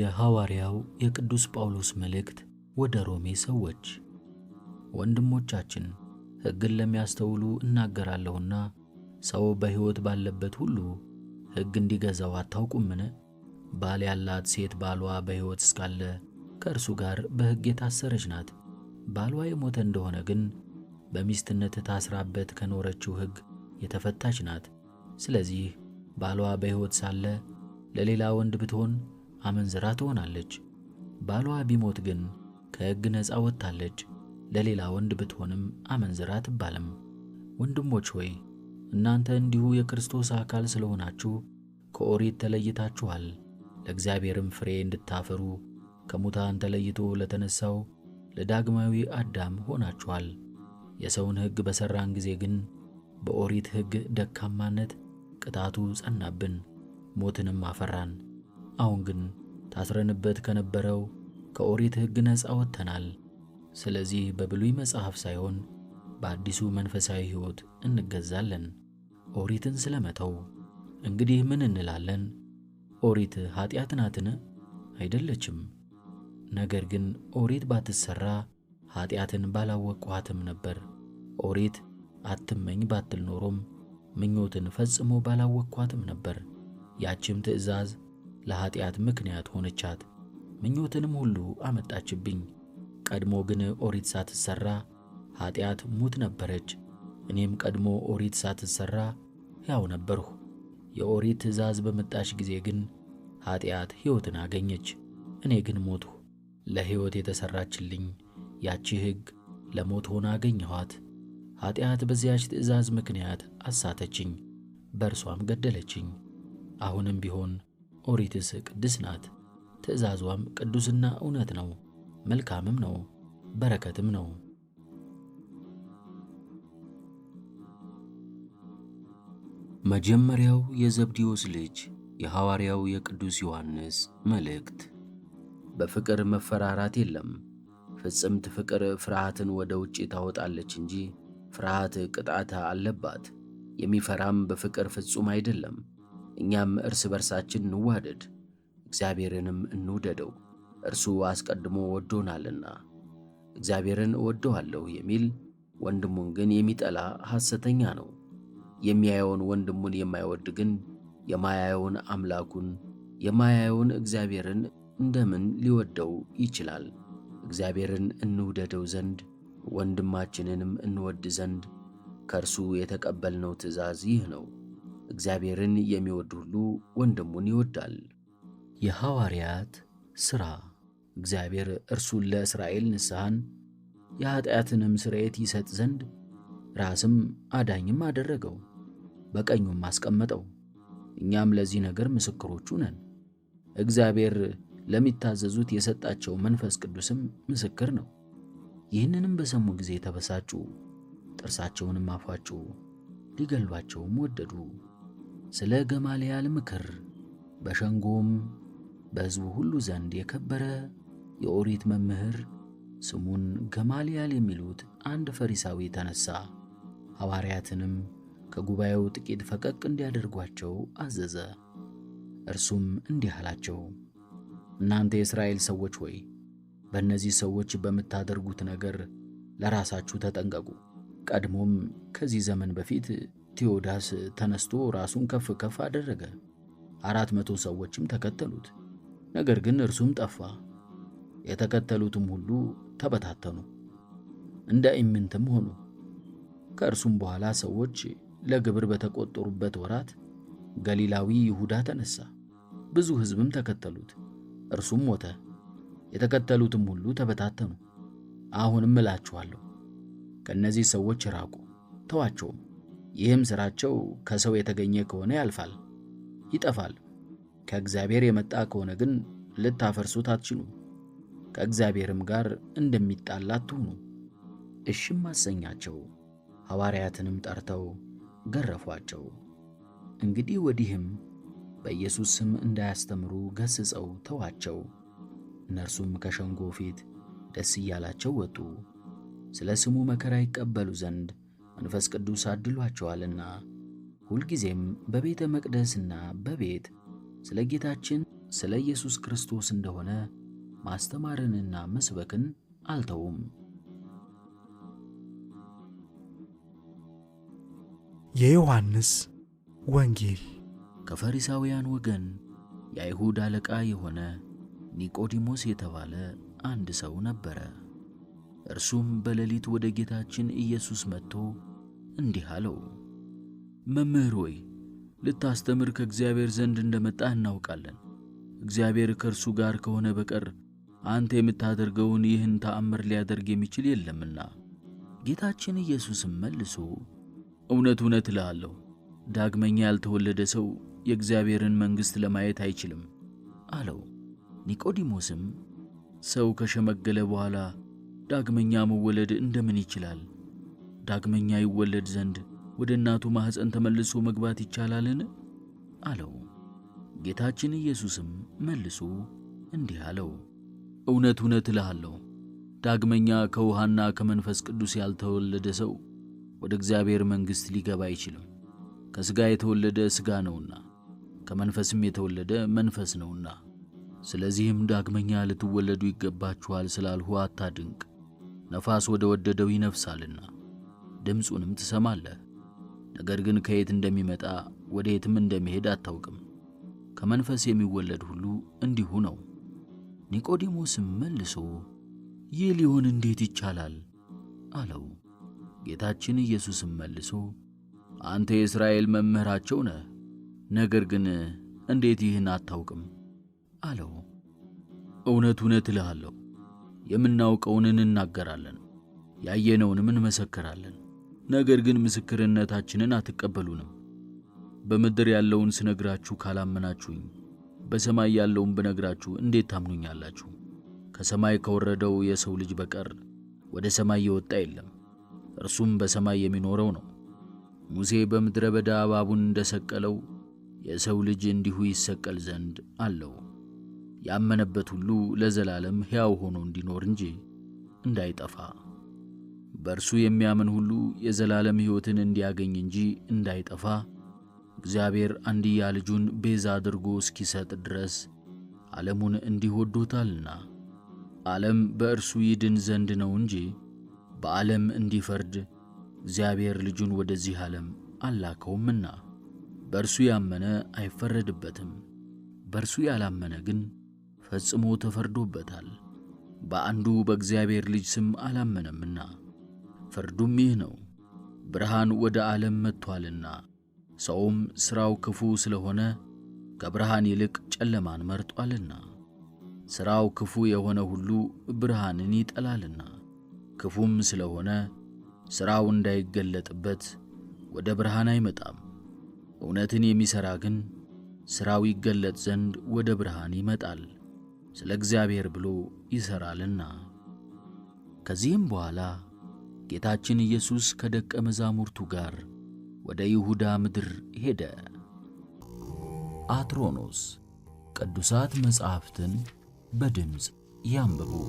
የሐዋርያው የቅዱስ ጳውሎስ መልእክት ወደ ሮሜ ሰዎች። ወንድሞቻችን ሕግን ለሚያስተውሉ እናገራለሁና ሰው በሕይወት ባለበት ሁሉ ሕግ እንዲገዛው አታውቁምን? ባል ያላት ሴት ባሏ በሕይወት እስካለ ከእርሱ ጋር በሕግ የታሰረች ናት። ባሏ የሞተ እንደሆነ ግን በሚስትነት ታስራበት ከኖረችው ሕግ የተፈታች ናት። ስለዚህ ባሏ በሕይወት ሳለ ለሌላ ወንድ ብትሆን አመንዝራ ትሆናለች። ባሏ ቢሞት ግን ከሕግ ነፃ ወጥታለች። ለሌላ ወንድ ብትሆንም አመንዝራ አትባልም። ወንድሞች ሆይ እናንተ እንዲሁ የክርስቶስ አካል ስለሆናችሁ ከኦሪት ተለይታችኋል፣ ለእግዚአብሔርም ፍሬ እንድታፈሩ ከሙታን ተለይቶ ለተነሳው ለዳግማዊ አዳም ሆናችኋል። የሰውን ሕግ በሠራን ጊዜ ግን በኦሪት ሕግ ደካማነት ቅጣቱ ጸናብን፣ ሞትንም አፈራን። አሁን ግን ታስረንበት ከነበረው ከኦሪት ሕግ ነፃ ወጥተናል። ስለዚህ በብሉይ መጽሐፍ ሳይሆን በአዲሱ መንፈሳዊ ሕይወት እንገዛለን። ኦሪትን ስለመተው እንግዲህ ምን እንላለን? ኦሪት ኃጢአት ናትን? አይደለችም። ነገር ግን ኦሪት ባትሰራ ኃጢአትን ባላወቅኋትም ነበር። ኦሪት አትመኝ ባትል ኖሮም ምኞትን ፈጽሞ ባላወቅኳትም ነበር። ያችም ትእዛዝ ለኀጢአት ምክንያት ሆነቻት። ምኞትንም ሁሉ አመጣችብኝ። ቀድሞ ግን ኦሪት ሳትሠራ ኀጢአት ሙት ነበረች። እኔም ቀድሞ ኦሪት ሳትሠራ ሕያው ነበርሁ። የኦሪት ትእዛዝ በመጣች ጊዜ ግን ኀጢአት ሕይወትን አገኘች። እኔ ግን ሞትሁ። ለሕይወት የተሠራችልኝ ያቺ ሕግ ለሞት ሆና አገኘኋት። ኀጢአት በዚያች ትእዛዝ ምክንያት አሳተችኝ፣ በእርሷም ገደለችኝ። አሁንም ቢሆን ኦሪትስ ቅድስ ናት፣ ትእዛዟም ቅዱስና እውነት ነው፣ መልካምም ነው፣ በረከትም ነው። መጀመሪያው የዘብዴዎስ ልጅ የሐዋርያው የቅዱስ ዮሐንስ መልእክት። በፍቅር መፈራራት የለም። ፍጽምት ፍቅር ፍርሃትን ወደ ውጭ ታወጣለች እንጂ ፍርሃት ቅጣት አለባት። የሚፈራም በፍቅር ፍጹም አይደለም። እኛም እርስ በርሳችን እንዋደድ፣ እግዚአብሔርንም እንውደደው፣ እርሱ አስቀድሞ ወዶናልና። እግዚአብሔርን እወደዋለሁ የሚል ወንድሙን ግን የሚጠላ ሐሰተኛ ነው። የሚያየውን ወንድሙን የማይወድ ግን የማያየውን አምላኩን የማያየውን እግዚአብሔርን እንደምን ሊወደው ይችላል? እግዚአብሔርን እንውደደው ዘንድ ወንድማችንንም እንወድ ዘንድ ከእርሱ የተቀበልነው ትእዛዝ ይህ ነው። እግዚአብሔርን የሚወድ ሁሉ ወንድሙን ይወዳል። የሐዋርያት ሥራ እግዚአብሔር እርሱን ለእስራኤል ንስሐን የኀጢአትንም ስርየት ይሰጥ ዘንድ ራስም አዳኝም አደረገው፣ በቀኙም አስቀመጠው። እኛም ለዚህ ነገር ምስክሮቹ ነን። እግዚአብሔር ለሚታዘዙት የሰጣቸው መንፈስ ቅዱስም ምስክር ነው። ይህንንም በሰሙ ጊዜ ተበሳጩ፣ ጥርሳቸውንም አፏጩ፣ ሊገሏቸውም ወደዱ። ስለ ገማልያል ምክር በሸንጎም በሕዝቡ ሁሉ ዘንድ የከበረ የኦሪት መምህር ስሙን ገማልያል የሚሉት አንድ ፈሪሳዊ ተነሳ። ሐዋርያትንም ከጉባኤው ጥቂት ፈቀቅ እንዲያደርጓቸው አዘዘ። እርሱም እንዲህ አላቸው፣ እናንተ የእስራኤል ሰዎች ሆይ በእነዚህ ሰዎች በምታደርጉት ነገር ለራሳችሁ ተጠንቀቁ። ቀድሞም ከዚህ ዘመን በፊት ቴዎዳስ ተነስቶ ራሱን ከፍ ከፍ አደረገ። አራት መቶ ሰዎችም ተከተሉት። ነገር ግን እርሱም ጠፋ። የተከተሉትም ሁሉ ተበታተኑ፣ እንደ ኢምንትም ሆኑ። ከእርሱም በኋላ ሰዎች ለግብር በተቆጠሩበት ወራት ገሊላዊ ይሁዳ ተነሳ፣ ብዙ ሕዝብም ተከተሉት። እርሱም ሞተ፣ የተከተሉትም ሁሉ ተበታተኑ። አሁንም እላችኋለሁ ከእነዚህ ሰዎች ራቁ፣ ተዋቸውም። ይህም ሥራቸው ከሰው የተገኘ ከሆነ ያልፋል፣ ይጠፋል። ከእግዚአብሔር የመጣ ከሆነ ግን ልታፈርሱት አትችሉ ከእግዚአብሔርም ጋር እንደሚጣላ አትሁኑ። እሽም አሰኛቸው። ሐዋርያትንም ጠርተው ገረፏቸው። እንግዲህ ወዲህም በኢየሱስ ስም እንዳያስተምሩ ገሥጸው ተዋቸው። እነርሱም ከሸንጎ ፊት ደስ እያላቸው ወጡ፣ ስለ ስሙ መከራ ይቀበሉ ዘንድ መንፈስ ቅዱስ አድሏቸዋልና ሁልጊዜም በቤተ መቅደስና በቤት ስለ ጌታችን ስለ ኢየሱስ ክርስቶስ እንደሆነ ማስተማርንና መስበክን አልተውም። የዮሐንስ ወንጌል ከፈሪሳውያን ወገን የአይሁድ አለቃ የሆነ ኒቆዲሞስ የተባለ አንድ ሰው ነበረ። እርሱም በሌሊት ወደ ጌታችን ኢየሱስ መጥቶ እንዲህ አለው፣ መምህር ሆይ ልታስተምር ከእግዚአብሔር ዘንድ እንደመጣህ እናውቃለን። እግዚአብሔር ከእርሱ ጋር ከሆነ በቀር አንተ የምታደርገውን ይህን ተአምር ሊያደርግ የሚችል የለምና። ጌታችን ኢየሱስም መልሶ እውነት እውነት እልሃለሁ ዳግመኛ ያልተወለደ ሰው የእግዚአብሔርን መንግሥት ለማየት አይችልም አለው። ኒቆዲሞስም ሰው ከሸመገለ በኋላ ዳግመኛ መወለድ እንደምን ይችላል ዳግመኛ ይወለድ ዘንድ ወደ እናቱ ማኅፀን ተመልሶ መግባት ይቻላልን? አለው። ጌታችን ኢየሱስም መልሶ እንዲህ አለው፣ እውነት እውነት እልሃለሁ ዳግመኛ ከውሃና ከመንፈስ ቅዱስ ያልተወለደ ሰው ወደ እግዚአብሔር መንግሥት ሊገባ አይችልም። ከሥጋ የተወለደ ሥጋ ነውና ከመንፈስም የተወለደ መንፈስ ነውና። ስለዚህም ዳግመኛ ልትወለዱ ይገባችኋል ስላልሁ አታድንቅ፣ ነፋስ ወደ ወደደው ይነፍሳልና ድምፁንም ትሰማለህ። ነገር ግን ከየት እንደሚመጣ ወደ የትም እንደሚሄድ አታውቅም። ከመንፈስ የሚወለድ ሁሉ እንዲሁ ነው። ኒቆዲሞስም መልሶ ይህ ሊሆን እንዴት ይቻላል አለው። ጌታችን ኢየሱስም መልሶ አንተ የእስራኤል መምህራቸው ነህ፣ ነገር ግን እንዴት ይህን አታውቅም አለው። እውነት እውነት እልሃለሁ የምናውቀውን እንናገራለን፣ ያየነውንም እንመሰክራለን ነገር ግን ምስክርነታችንን አትቀበሉንም። በምድር ያለውን ስነግራችሁ ካላመናችሁኝ በሰማይ ያለውን ብነግራችሁ እንዴት ታምኑኛላችሁ? ከሰማይ ከወረደው የሰው ልጅ በቀር ወደ ሰማይ የወጣ የለም፣ እርሱም በሰማይ የሚኖረው ነው። ሙሴ በምድረ በዳ እባቡን እንደሰቀለው የሰው ልጅ እንዲሁ ይሰቀል ዘንድ አለው፣ ያመነበት ሁሉ ለዘላለም ሕያው ሆኖ እንዲኖር እንጂ እንዳይጠፋ። በእርሱ የሚያምን ሁሉ የዘላለም ሕይወትን እንዲያገኝ እንጂ እንዳይጠፋ እግዚአብሔር አንድያ ልጁን ቤዛ አድርጎ እስኪሰጥ ድረስ ዓለሙን እንዲህ ወዶታልና። ዓለም በእርሱ ይድን ዘንድ ነው እንጂ በዓለም እንዲፈርድ እግዚአብሔር ልጁን ወደዚህ ዓለም አላከውምና። በእርሱ ያመነ አይፈረድበትም፣ በእርሱ ያላመነ ግን ፈጽሞ ተፈርዶበታል፤ በአንዱ በእግዚአብሔር ልጅ ስም አላመነምና። ፍርዱም ይህ ነው፣ ብርሃን ወደ ዓለም መጥቷልና ሰውም ሥራው ክፉ ስለሆነ ከብርሃን ይልቅ ጨለማን መርጧልና። ሥራው ክፉ የሆነ ሁሉ ብርሃንን ይጠላልና ክፉም ስለሆነ ሥራው እንዳይገለጥበት ወደ ብርሃን አይመጣም። እውነትን የሚሠራ ግን ሥራው ይገለጥ ዘንድ ወደ ብርሃን ይመጣል፣ ስለ እግዚአብሔር ብሎ ይሠራልና። ከዚህም በኋላ ጌታችን ኢየሱስ ከደቀ መዛሙርቱ ጋር ወደ ይሁዳ ምድር ሄደ። አትሮኖስ ቅዱሳት መጻሕፍትን በድምፅ ያንብቡ።